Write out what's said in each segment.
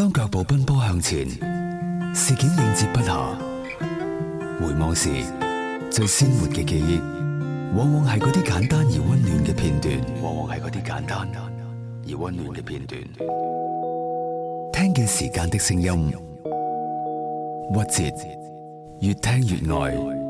當腳步奔波向前，事件應接不暇。回望時，最鮮活嘅記憶，往往係嗰啲簡單而溫暖嘅片段。往往係啲簡單而溫暖嘅片段。聽見時間的聲音，曲折，越聽越愛。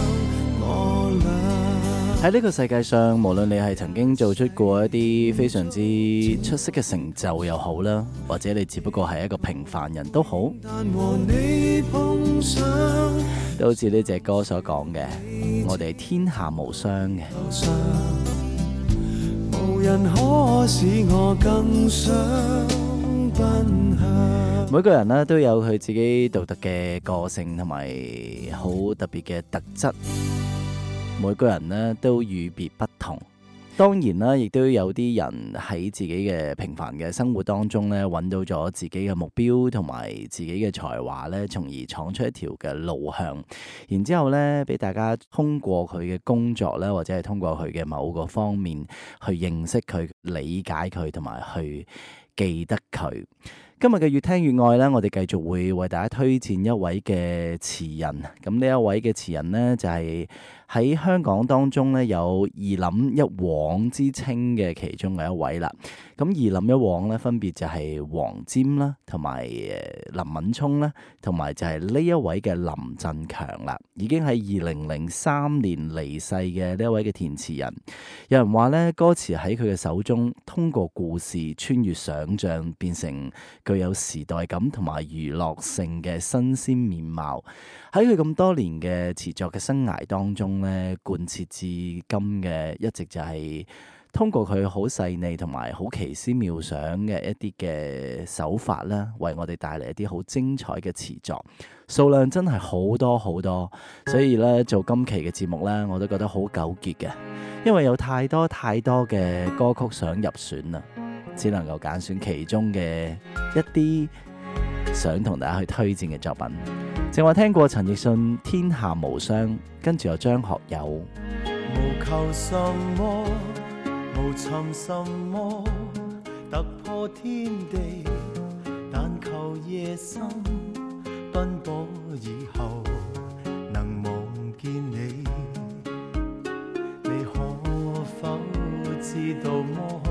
喺呢個世界上，無論你係曾經做出過一啲非常之出色嘅成就又好啦，或者你只不過係一個平凡人也好都好，都好似呢隻歌所講嘅，我哋天下無雙嘅。無人可使我更想分享。每個人呢，都有佢自己獨特嘅個性同埋好特別嘅特質。每個人咧，都與別不同，當然啦，亦都有啲人喺自己嘅平凡嘅生活當中咧，揾到咗自己嘅目標同埋自己嘅才華咧，從而闖出一條嘅路向。然之後咧，俾大家通過佢嘅工作咧，或者係通過佢嘅某個方面去認識佢、理解佢同埋去記得佢。今日嘅越聽越愛咧，我哋繼續會為大家推薦一位嘅詞人。咁呢一位嘅詞人呢，就係喺香港當中呢，有二林一黃之稱嘅其中嘅一位啦。咁二林一黃呢，分別就係黃霑啦，同埋林敏聰啦，同埋就係呢一位嘅林振強啦。已經喺二零零三年離世嘅呢一位嘅填詞人，有人話呢，歌詞喺佢嘅手中，通過故事穿越想象，變成，具有時代感同埋娛樂性嘅新鮮面貌，喺佢咁多年嘅詞作嘅生涯當中呢，貫徹至今嘅一直就係通過佢好細膩同埋好奇思妙想嘅一啲嘅手法啦，為我哋帶嚟一啲好精彩嘅詞作，數量真係好多好多，所以呢，做今期嘅節目呢，我都覺得好糾結嘅，因為有太多太多嘅歌曲想入選啦。只能夠揀選其中嘅一啲，想同大家去推薦嘅作品。正話聽過陳奕迅《天下無雙》，跟住有張學友。無求甚麼，無尋甚麼，突破天地，但求夜深，奔波以後能夢見你，你可否知道我？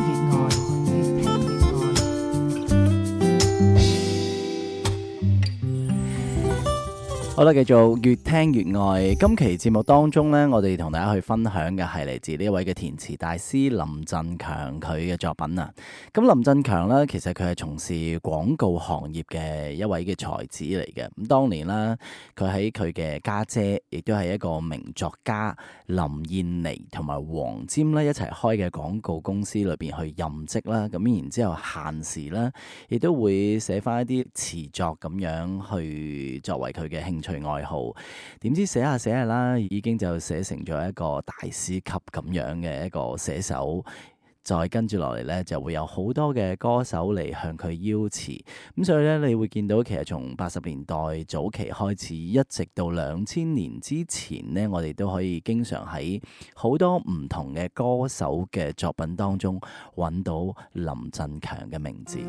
好啦，繼續越聽越愛今期節目當中咧，我哋同大家去分享嘅係嚟自呢一位嘅填詞大師林振強佢嘅作品啊。咁林振強咧，其實佢係從事廣告行業嘅一位嘅才子嚟嘅。咁當年啦，佢喺佢嘅家姐，亦都係一個名作家林燕妮同埋黃霑咧一齊開嘅廣告公司裏邊去任職啦。咁然之後閒時咧，亦都會寫翻一啲詞作咁樣去作為佢嘅興趣。隨愛好，點知寫下寫下啦，已經就寫成咗一個大師級咁樣嘅一個寫手，再跟住落嚟呢，就會有好多嘅歌手嚟向佢邀詞，咁所以呢，你會見到其實從八十年代早期開始，一直到兩千年之前呢，我哋都可以經常喺好多唔同嘅歌手嘅作品當中揾到林振強嘅名字。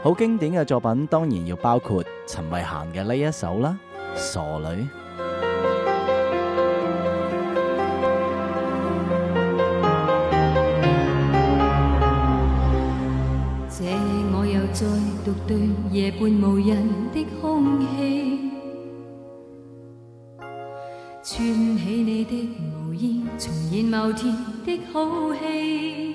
好經典嘅作品當然要包括陳慧嫻嘅呢一首啦，《傻女》。這夜我又再獨對夜半無人的空氣，穿起你的毛衣，重演某天的好戲。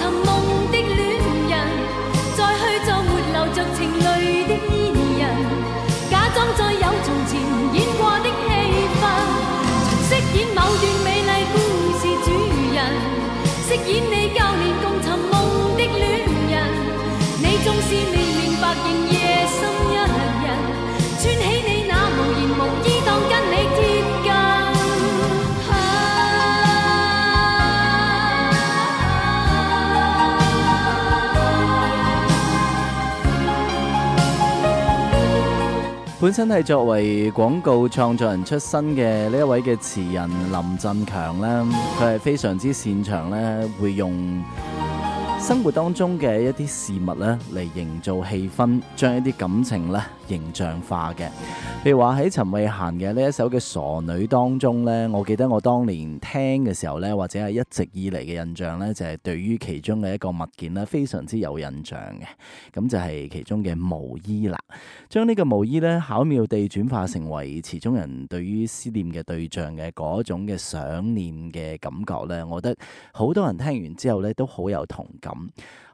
本身係作為廣告創作人出身嘅呢一位嘅詞人林振強呢，佢係非常之擅長呢，會用生活當中嘅一啲事物呢，嚟營造氣氛，將一啲感情呢，形象化嘅，譬如話喺陳慧嫻嘅呢一首嘅《傻女》當中呢，我記得我當年聽嘅時候呢，或者係一直以嚟嘅印象呢，就係對於其中嘅一個物件呢非常之有印象嘅。咁就係其中嘅毛衣啦，將呢個毛衣呢巧妙地轉化成為詞中人對於思念嘅對象嘅嗰種嘅想念嘅感覺呢，我覺得好多人聽完之後呢都好有同感。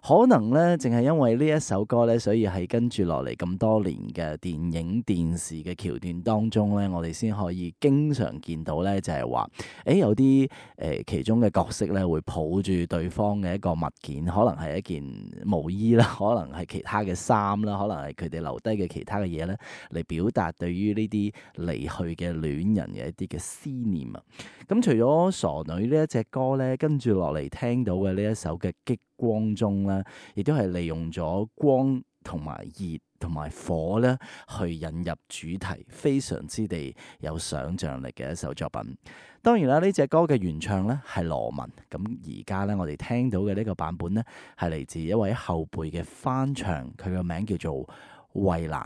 可能咧，淨係因為呢一首歌咧，所以係跟住落嚟咁多年嘅電影、電視嘅橋段當中咧，我哋先可以經常見到咧，就係話，誒有啲、呃、其中嘅角色咧，會抱住對方嘅一個物件，可能係一件毛衣啦，可能係其他嘅衫啦，可能係佢哋留低嘅其他嘅嘢咧，嚟表達對於呢啲離去嘅戀人嘅一啲嘅思念啊。咁、嗯、除咗《傻女》呢一隻歌咧，跟住落嚟聽到嘅呢一首嘅《激》光中咧，亦都係利用咗光同埋熱同埋火咧，去引入主題，非常之地有想像力嘅一首作品。當然啦，呢隻歌嘅原唱咧係羅文，咁而家咧我哋聽到嘅呢個版本咧，係嚟自一位後輩嘅翻唱，佢嘅名叫做衞蘭。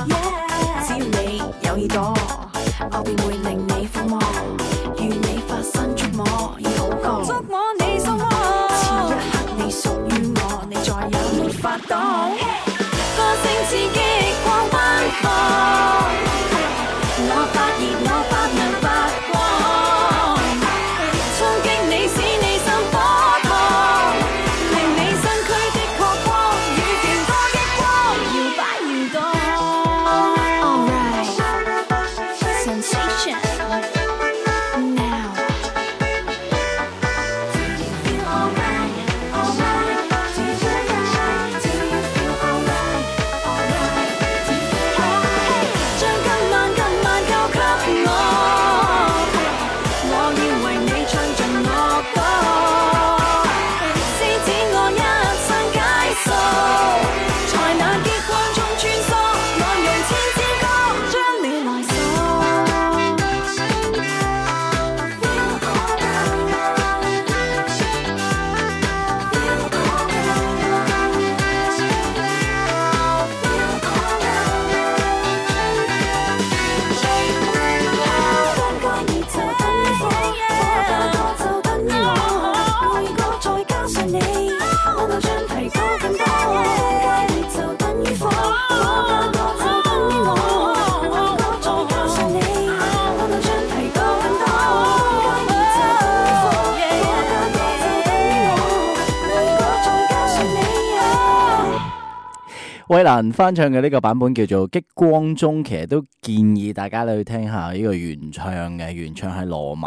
翻唱嘅呢個版本叫做《激光中》，其實都建議大家去聽一下呢個原唱嘅，原唱係羅文。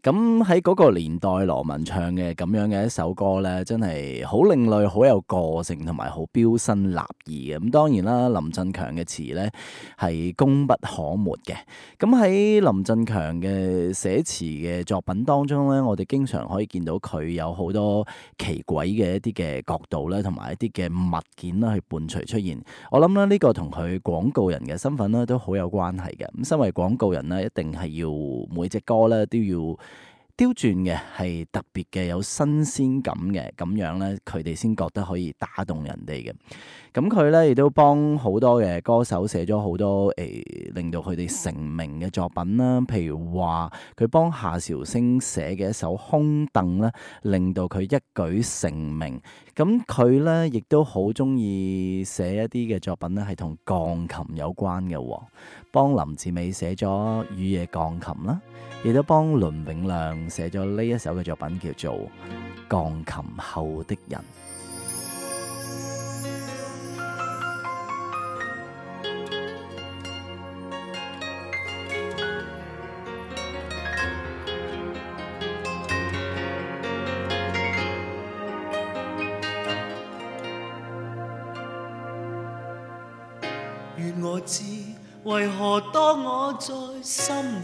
咁喺嗰個年代，羅文唱嘅咁樣嘅一首歌咧，真係好另類、好有個性同埋好標新立異嘅。咁當然啦，林振強嘅詞咧係功不可沒嘅。咁喺林振強嘅寫詞嘅作品當中咧，我哋經常可以見到佢有好多奇詭嘅一啲嘅角度咧，同埋一啲嘅物件啦去伴隨出現。我諗咧呢個同佢廣告人嘅身份咧都好有關係嘅。咁身為廣告人咧，一定係要每隻歌咧都要刁鑽嘅，係特別嘅有新鮮感嘅咁樣咧，佢哋先覺得可以打動人哋嘅。咁佢咧亦都幫好多嘅歌手寫咗好多誒、哎、令到佢哋成名嘅作品啦。譬如話，佢幫夏韶聲寫嘅一首《空凳》咧，令到佢一舉成名。咁佢咧亦都好中意寫一啲嘅作品咧，係同鋼琴有關嘅喎。幫林志美寫咗《雨夜鋼琴》啦，亦都幫倫永亮寫咗呢一首嘅作品叫做《鋼琴後的人》。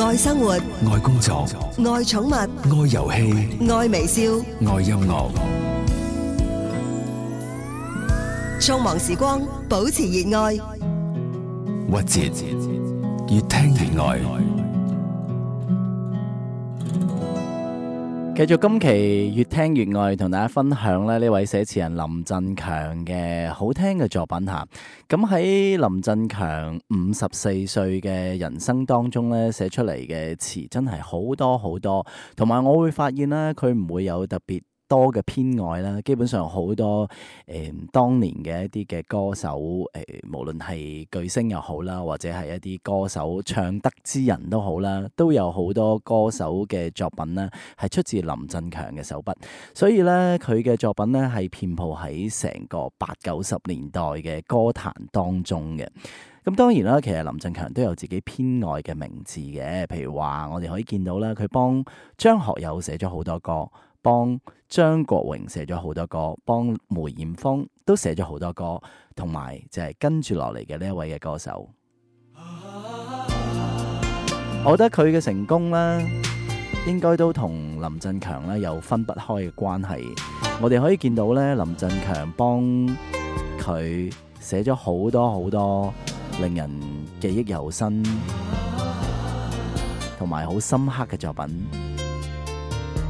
愛生活、愛工作、愛寵物、愛遊戲、愛微笑、愛音樂。匆忙時光，保持熱愛。屈折，越聽越愛。繼續今期越聽越愛，同大家分享咧呢位寫詞人林振強嘅好聽嘅作品吓。咁喺林振強五十四歲嘅人生當中咧，寫出嚟嘅詞真係好多好多。同埋我會發現咧，佢唔會有特別。多嘅偏愛啦，基本上好多誒當年嘅一啲嘅歌手誒，無論係巨星又好啦，或者係一啲歌手唱得之人都好啦，都有好多歌手嘅作品呢，係出自林振強嘅手筆。所以呢，佢嘅作品呢，係遍佈喺成個八九十年代嘅歌壇當中嘅。咁當然啦，其實林振強都有自己偏愛嘅名字嘅，譬如話我哋可以見到啦，佢幫張學友寫咗好多歌。幫張國榮寫咗好多歌，幫梅艷芳都寫咗好多歌，同埋就係跟住落嚟嘅呢一位嘅歌手，我覺得佢嘅成功呢，應該都同林振強咧有分不開嘅關係。我哋可以見到咧，林振強幫佢寫咗好多好多令人記憶猶新，同埋好深刻嘅作品。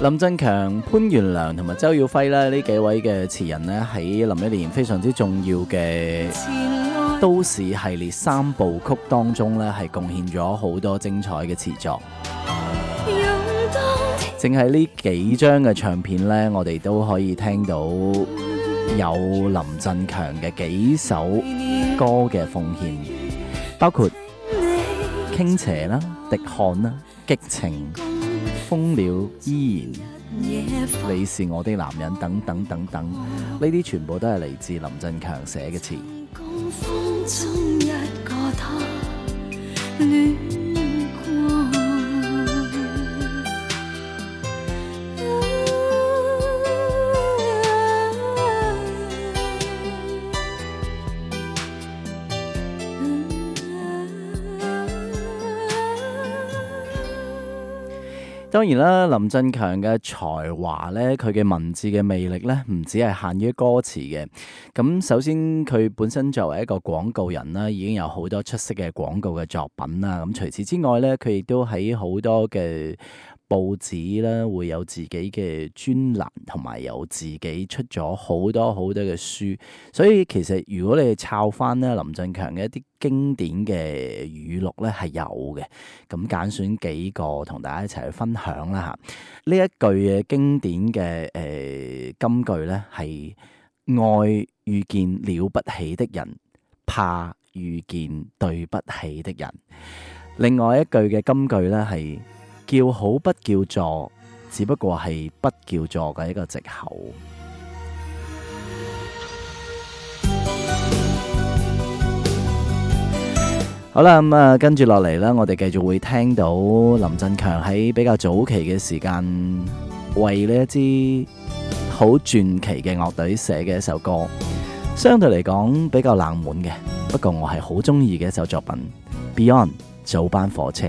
林振強、潘源良同埋周耀輝咧，呢幾位嘅詞人咧，喺林憶蓮非常之重要嘅都市系列三部曲當中咧，係貢獻咗好多精彩嘅詞作，嗯。淨係呢幾張嘅唱片呢，我哋都可以聽到有林振強嘅幾首歌嘅奉獻，包括傾斜啦、滴汗啦、激情。風了依然，你是我的男人，等等等等，呢啲全部都係嚟自林振強寫嘅詞。當然啦，林振強嘅才華咧，佢嘅文字嘅魅力咧，唔止係限於歌詞嘅。咁首先，佢本身作為一個廣告人啦，已經有好多出色嘅廣告嘅作品啦。咁除此之外咧，佢亦都喺好多嘅。報紙咧會有自己嘅專欄，同埋有自己出咗好多好多嘅書，所以其實如果你抄翻咧林振強嘅一啲經典嘅語錄咧係有嘅，咁揀選幾個同大家一齊去分享啦吓。呢一句嘅經典嘅誒、呃、金句咧係，愛遇見了不起的人，怕遇見對不起的人。另外一句嘅金句咧係。叫好不叫座，只不過係不叫座嘅一個借口好。好啦，咁啊，跟住落嚟呢，我哋繼續會聽到林振強喺比較早期嘅時間為呢一支好傳奇嘅樂隊寫嘅一首歌，相對嚟講比較冷門嘅，不過我係好中意嘅一首作品《Beyond 早班火車》。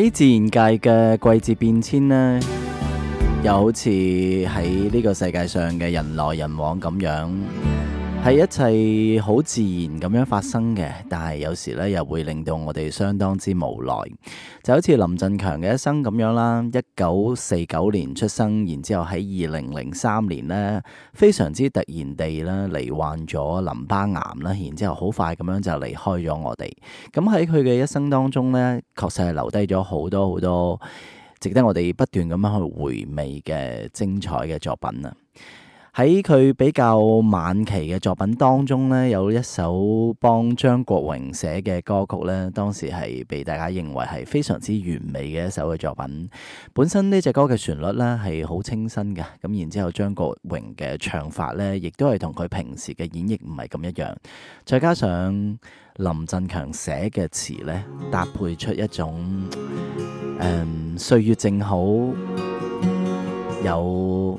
喺自然界嘅季節變遷呢，又好似喺呢個世界上嘅人來人往咁樣。係一切好自然咁樣發生嘅，但係有時咧又會令到我哋相當之無奈，就好似林振強嘅一生咁樣啦。一九四九年出生，然之後喺二零零三年咧，非常之突然地咧，罹患咗淋巴癌啦，然之後好快咁樣就離開咗我哋。咁喺佢嘅一生當中咧，確實係留低咗好多好多值得我哋不斷咁樣去回味嘅精彩嘅作品啊！喺佢比較晚期嘅作品當中呢，有一首幫張國榮寫嘅歌曲呢，當時係被大家認為係非常之完美嘅一首嘅作品。本身呢隻歌嘅旋律呢係好清新嘅，咁然之後張國榮嘅唱法呢，亦都係同佢平時嘅演繹唔係咁一樣，再加上林振強寫嘅詞呢，搭配出一種誒、嗯、歲月正好有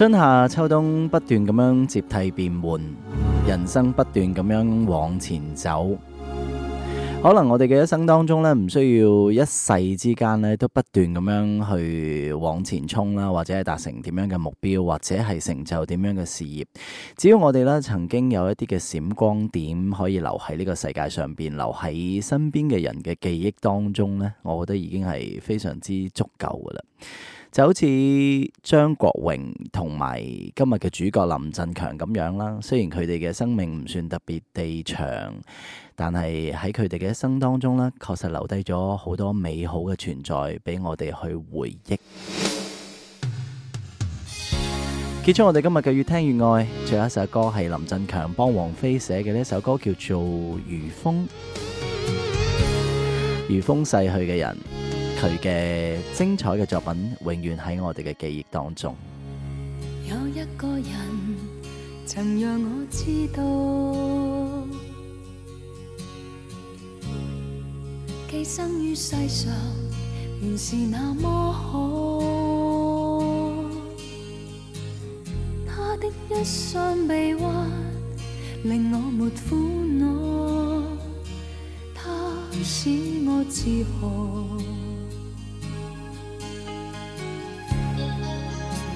春夏秋冬不斷咁樣接替變換，人生不斷咁樣往前走。可能我哋嘅一生當中呢，唔需要一世之間呢都不斷咁樣去往前衝啦，或者係達成點樣嘅目標，或者係成就點樣嘅事業。只要我哋呢曾經有一啲嘅閃光點可以留喺呢個世界上邊，留喺身邊嘅人嘅記憶當中呢，我覺得已經係非常之足夠噶啦。就好似張國榮同埋今日嘅主角林振強咁樣啦，雖然佢哋嘅生命唔算特別地長，但係喺佢哋嘅一生當中咧，確實留低咗好多美好嘅存在俾我哋去回憶。結束我哋今日嘅越聽越愛，最後一首歌係林振強幫王菲寫嘅呢首歌，叫做《如風》，如風逝去嘅人。佢嘅精彩嘅作品，永遠喺我哋嘅記憶當中。有一個人曾讓我知道，寄生於世上原是那麼好。他的一雙臂彎，令我沒苦惱，他使我自豪。